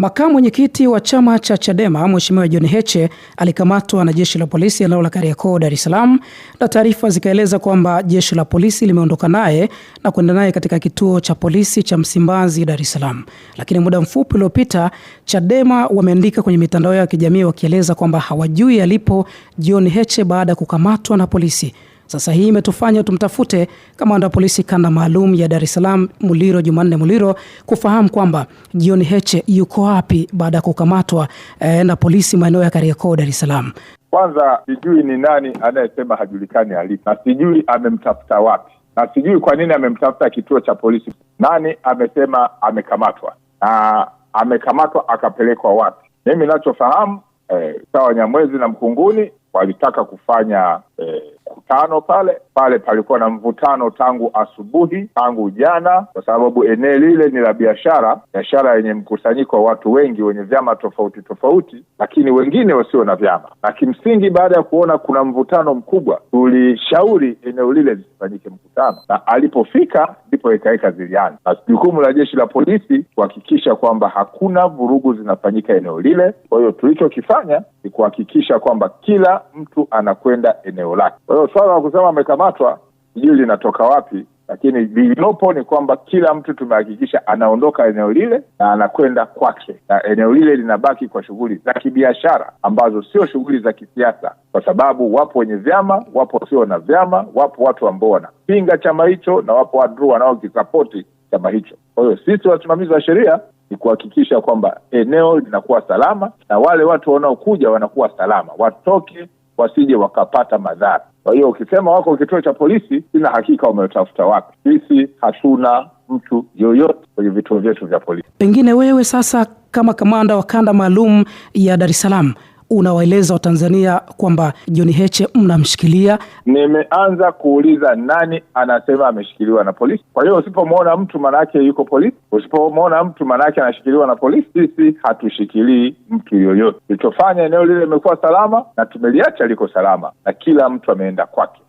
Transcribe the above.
Makamu mwenyekiti wa chama cha Chadema Mheshimiwa John Heche alikamatwa na jeshi la polisi eneo la Kariakoo, Dar es Salaam, na taarifa zikaeleza kwamba jeshi la polisi limeondoka naye na kwenda naye katika kituo cha polisi cha Msimbazi, Dar es Salaam. Lakini muda mfupi uliopita, Chadema wameandika kwenye mitandao yao ya kijamii wakieleza kwamba hawajui alipo John Heche baada ya kukamatwa na polisi. Sasa hii imetufanya tumtafute kamanda wa polisi kanda maalum ya Dar es Salaam Muliro Jumanne Muliro kufahamu kwamba John Heche yuko wapi baada ya kukamatwa eh, na polisi maeneo ya Kariakoo, Dar es Salaam. Kwanza sijui ni nani anayesema hajulikani alipo, na sijui amemtafuta wapi, na sijui kwa nini amemtafuta kituo cha polisi. Nani amesema amekamatwa na amekamatwa akapelekwa wapi? Mimi nachofahamu eh, sawa Nyamwezi na Mkunguni walitaka kufanya eh, tano pale pale palikuwa na mvutano tangu asubuhi, tangu jana, kwa sababu eneo lile ni la biashara, biashara yenye mkusanyiko wa watu wengi wenye vyama tofauti tofauti, lakini wengine wasio na vyama. Na kimsingi, baada ya kuona kuna mvutano mkubwa, tulishauri eneo lile lisifanyike mkutano, na alipofika ndipo hekaheka ziliani na jukumu la jeshi la polisi kuhakikisha kwamba hakuna vurugu zinafanyika eneo lile. Kwa hiyo tulichokifanya ni kuhakikisha kwamba kila mtu anakwenda eneo lake. Kwa hiyo swala la kusema amekamatwa, sijui linatoka wapi, lakini lililopo ni kwamba kila mtu tumehakikisha anaondoka eneo lile na anakwenda kwake, na eneo lile linabaki kwa shughuli za kibiashara ambazo sio shughuli za kisiasa, kwa sababu wapo wenye vyama, wapo wasio na vyama, wapo watu ambao wanapinga chama hicho na wapo wadru wanaokisapoti chama hicho. Kwa hiyo sisi wasimamizi wa sheria ni kuhakikisha kwamba eneo linakuwa salama na wale watu wanaokuja wanakuwa salama, watoke wasije wakapata madhara. Kwa hiyo ukisema wako kituo cha polisi, sina hakika wametafuta wapi. Sisi hatuna mtu yoyote kwenye vituo vyetu vya polisi. Pengine wewe sasa, kama kamanda wa kanda maalum ya Dar es Salaam, unawaeleza Watanzania kwamba joni Heche mnamshikilia? Nimeanza kuuliza nani anasema ameshikiliwa na polisi. Kwa hiyo usipomwona mtu maanaake yuko polisi, usipomwona mtu maanaake anashikiliwa na polisi. Sisi hatushikilii mtu yoyote. ilichofanya eneo lile limekuwa salama na tumeliacha liko salama, na kila mtu ameenda kwake.